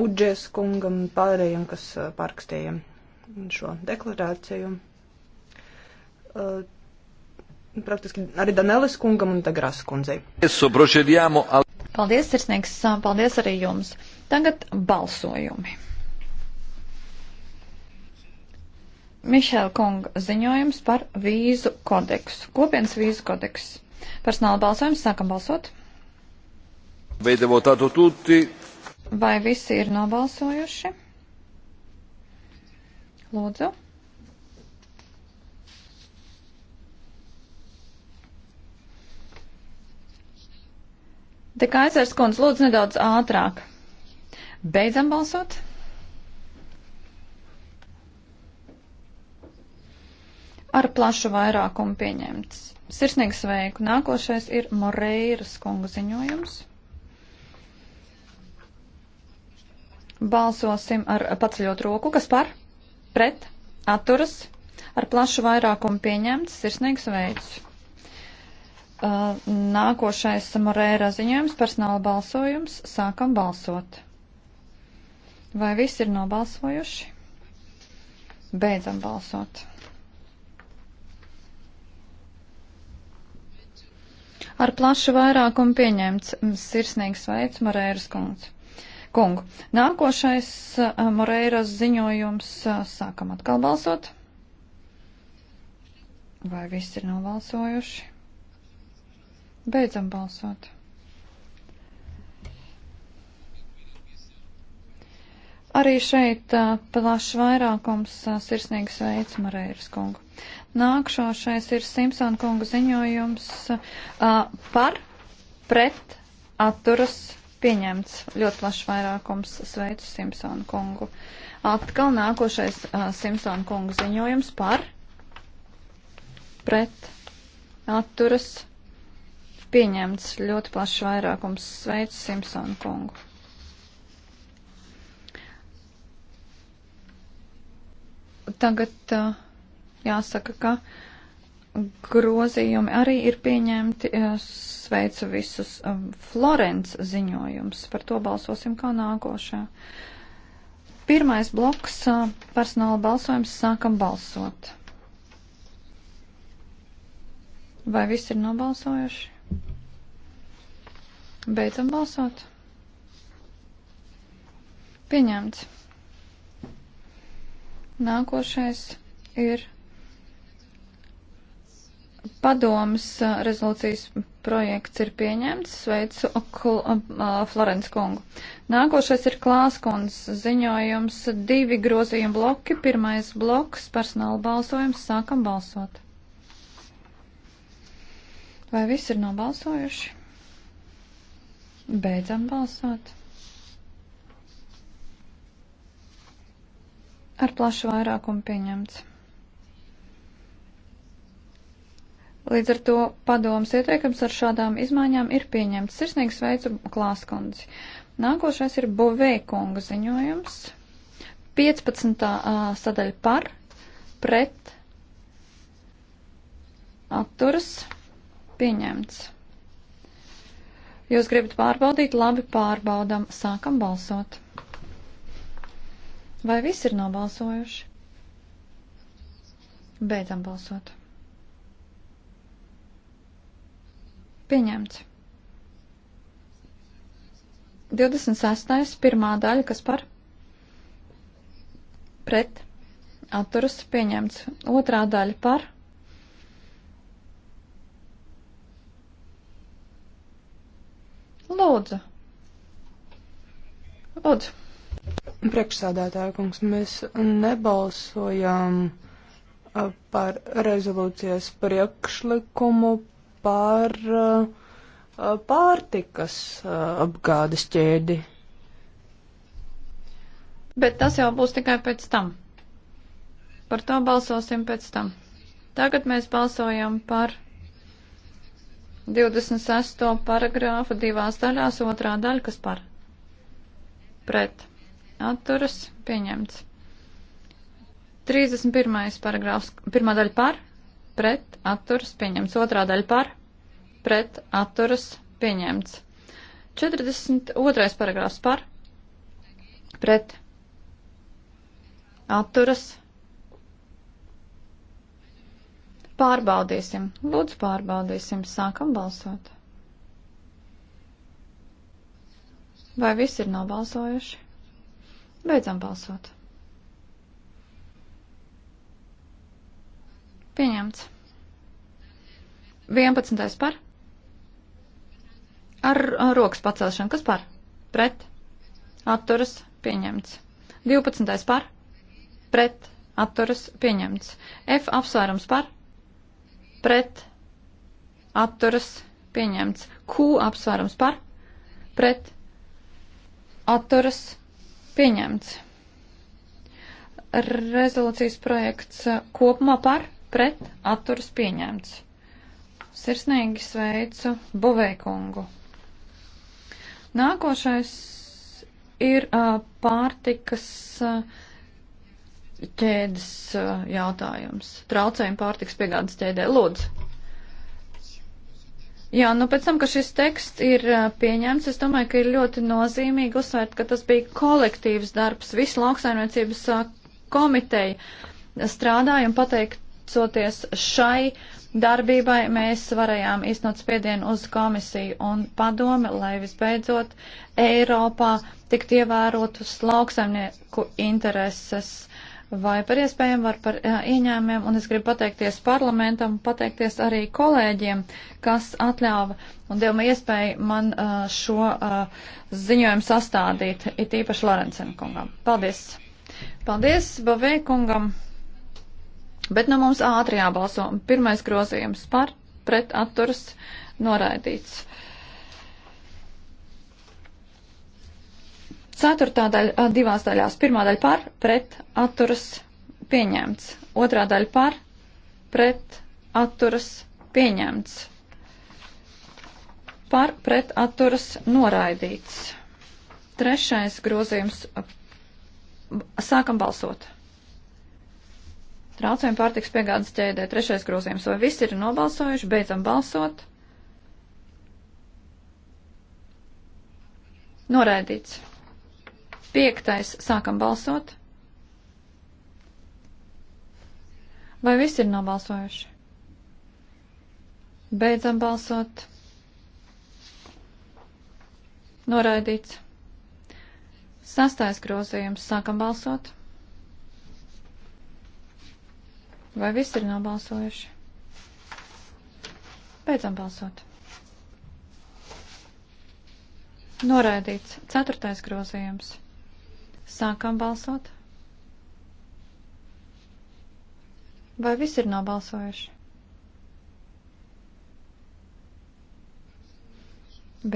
Uģies kungam un pārējiem, kas pārkstīja šo deklarāciju. Uh, praktiski arī Danelis kungam un Tagras kundzei. Paldies, sirsnieks, paldies arī jums. Tagad balsojumi. Mišēla kunga ziņojums par vīzu kodeksu. Kopienas vīzu kodeks. Personāla balsojums. Sākam balsot. Vedevo tādu tutti. Vai visi ir nobalsojuši? Lūdzu. Te Kaisers kundze, lūdzu nedaudz ātrāk. Beidzam balsot. Ar plašu vairākumu pieņemts. Sirsnīgi sveiku. Nākošais ir Moreiras kungu ziņojums. Balsosim ar paceļot roku, kas par, pret, atturas, ar plašu vairākumu pieņemts, sirsnīgs veids. Uh, nākošais Morēra ziņojums, personāla balsojums, sākam balsot. Vai visi ir nobalsojuši? Beidzam balsot. Ar plašu vairākumu pieņemts sirsnīgs veids Morēras kundze kungu. Nākošais eh, Moreiras ziņojums. Eh, sākam atkal balsot. Vai viss ir nobalsojuši? Beidzam balsot. Arī šeit eh, plašs vairākums sirsnīgi sveic Marēras kungu. Nākšošais ir Simpsona kunga ziņojums par pret atturas Pieņemts ļoti plašs vairākums sveicu Simpsonu kungu. Atkal nākošais uh, Simpsonu kungu ziņojums par pret atturas. Pieņemts ļoti plašs vairākums sveicu Simpsonu kungu. Tagad uh, jāsaka, ka grozījumi arī ir pieņemti. Eh, sveicu visus eh, Florence ziņojums. Par to balsosim kā nākošā. Pirmais bloks eh, - personāla balsojums. Sākam balsot. Vai viss ir nobalsojuši? Beidzam balsot. Pieņemts. Nākošais ir Padomas rezolūcijas projekts ir pieņemts. Sveicu Florence kungu. Nākošais ir klāskons ziņojums. Divi grozījuma bloki. Pirmais bloks - personāla balsojums. Sākam balsot. Vai visi ir nobalsojuši? Beidzam balsot. Ar plašu vairākumu pieņemts. Līdz ar to padomas ieteikums ar šādām izmaiņām ir pieņemts. Sirsnīgi sveicu klāskundzi. Nākošais ir Bovēkunga ziņojums. 15. sadaļa par, pret, atturas, pieņemts. Jūs gribat pārbaudīt, labi pārbaudam, sākam balsot. Vai visi ir nobalsojuši? Beidzam balsot. Pieņemts. 26. pirmā daļa, kas par? Pret. Atturas pieņemts. Otrā daļa par? Lūdzu. Lūdzu. Priekšsādātāja kungs, mēs nebalsojām uh, par rezolūcijas priekšlikumu par eh, pārtikas eh, apgādes ķēdi. Bet tas jau būs tikai pēc tam. Par to balsosim pēc tam. Tagad mēs balsojam par 26. paragrāfu divās daļās, otrā daļa, kas par pret atturas pieņemts. 31. paragrāfs, pirmā daļa par pret atturas pieņemts. Otrā daļa par pret atturas pieņemts. 42. paragrāfs par pret atturas. Pārbaudīsim. Lūdzu, pārbaudīsim. Sākam balsot. Vai visi ir nobalsojuši? Beidzam balsot. Pieņemts. 11. par. Ar, ar rokas pacelšanu. Kas par? Pret. Atturas. Pieņemts. 12. par. Pret. Atturas. Pieņemts. F apsvērums par. Pret. Atturas. Pieņemts. Q apsvērums par. Pret. Atturas. Pieņemts. Rezolūcijas projekts kopumā par pret atturas pieņemts. Sirsnīgi sveicu Buvēkungu. Nākošais ir uh, pārtikas uh, ķēdes uh, jautājums. Traucējumi pārtikas piegādes ķēdē. Lūdzu. Jā, nu pēc tam, ka šis teksts ir pieņemts, es domāju, ka ir ļoti nozīmīgi uzsvērt, ka tas bija kolektīvs darbs. Visi lauksaimniecības komiteja strādāja un pateikt Pateicoties šai darbībai, mēs varējām iznot spiedienu uz komisiju un padomi, lai visbeidzot Eiropā tikt ievērotus lauksaimnieku intereses vai par iespējām, var par jā, ieņēmiem, un es gribu pateikties parlamentam, pateikties arī kolēģiem, kas atļāva un deva man iespēju man šo ziņojumu sastādīt, it īpaši Lorencen kungam. Paldies! Paldies Bavē kungam! Bet nu mums ātri jābalso. Pirmais grozījums par pret atturas noraidīts. Ceturtā daļa divās daļās. Pirmā daļa par pret atturas pieņemts. Otrā daļa par pret atturas pieņemts. Par pret atturas noraidīts. Trešais grozījums. Sākam balsot. Traucējumi pārtiks piegādes ķēdē. Trešais grozījums. Vai visi ir nobalsojuši? Beidzam balsot. Noraidīts. Piektais. Sākam balsot. Vai visi ir nobalsojuši? Beidzam balsot. Noraidīts. Sastais grozījums. Sākam balsot. Vai viss ir nobalsojuši? Beidzam balsot. Noraidīts. Ceturtais grozījums. Sākam balsot. Vai viss ir nobalsojuši?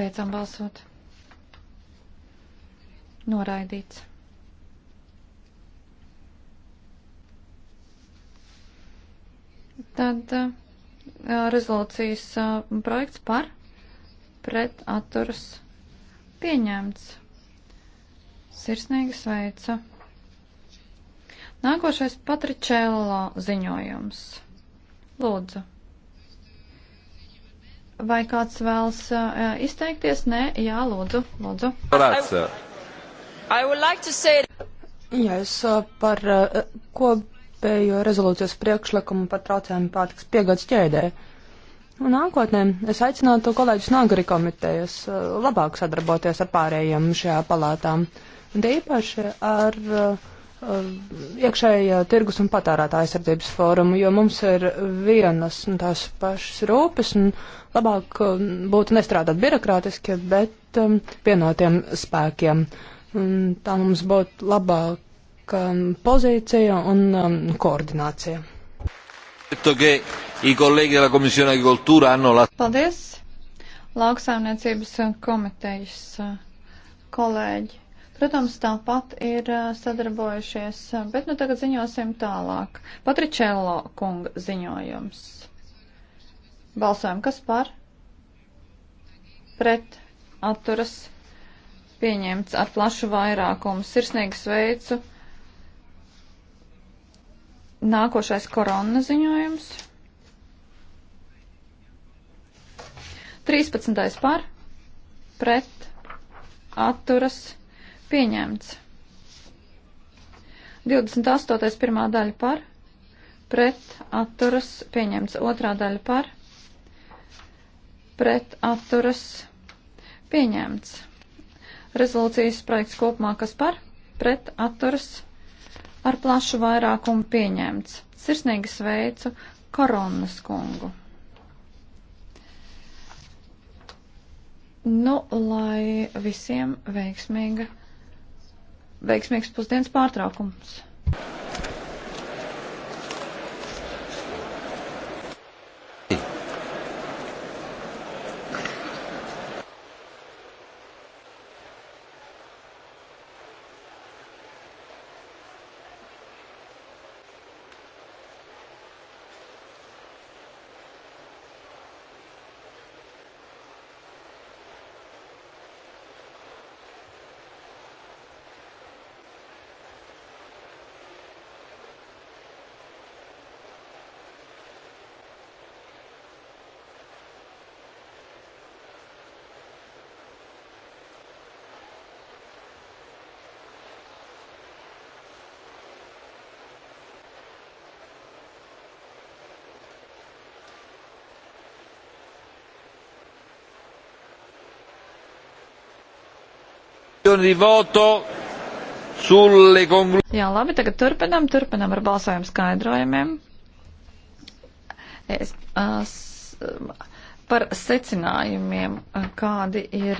Beidzam balsot. Noraidīts. Tad uh, rezolūcijas uh, projekts par pret atturas pieņemts. Sirsnīgi sveicu. Nākošais Patričēlo ziņojums. Lūdzu. Vai kāds vēlas uh, izteikties? Nē, jā, lūdzu. lūdzu. Like say... Jā, es par ko izvērtēju rezolūcijas priekšlikumu par traucējumu pārtiks piegādes ķēdē. Un nākotnē es aicinātu kolēģus no agri komitejas eh, labāk sadarboties ar pārējiem šajā palātā. Un īpaši ar uh, eh, iekšējā tirgus un patērētāja aizsardzības fórumu, jo mums ir vienas un tās pašas rūpes, un labāk eh, būtu nestrādāt birokrātiski, bet vienotiem spēkiem. Un tā mums būtu labāk, labāka um, pozīcija un um, koordinācija. Paldies! Lauksaimniecības komitejas uh, kolēģi. Protams, tāpat ir uh, sadarbojušies, uh, bet nu tagad ziņosim tālāk. Patričello kunga ziņojums. Balsojam, kas par? Pret atturas pieņemts ar plašu vairākumu. Sirsnīgi sveicu Nākošais korona ziņojums. 13. par, pret, atturas, pieņemts. 28. pirmā daļa par, pret, atturas, pieņemts. Otrā daļa par, pret, atturas, pieņemts. Rezolūcijas projekts kopumā kas par, pret, atturas, pieņemts ar plašu vairākumu pieņemts. Sirsnīgi sveicu Koronas kungu. Nu, lai visiem veiksmīga, veiksmīgs pusdienas pārtraukums. dichiarazione di voto sulle conclusioni. Jā, labi, tagad turpinam, turpinam ar balsojumu skaidrojumiem. Es, as, uh, uh, par secinājumiem, uh, kādi ir.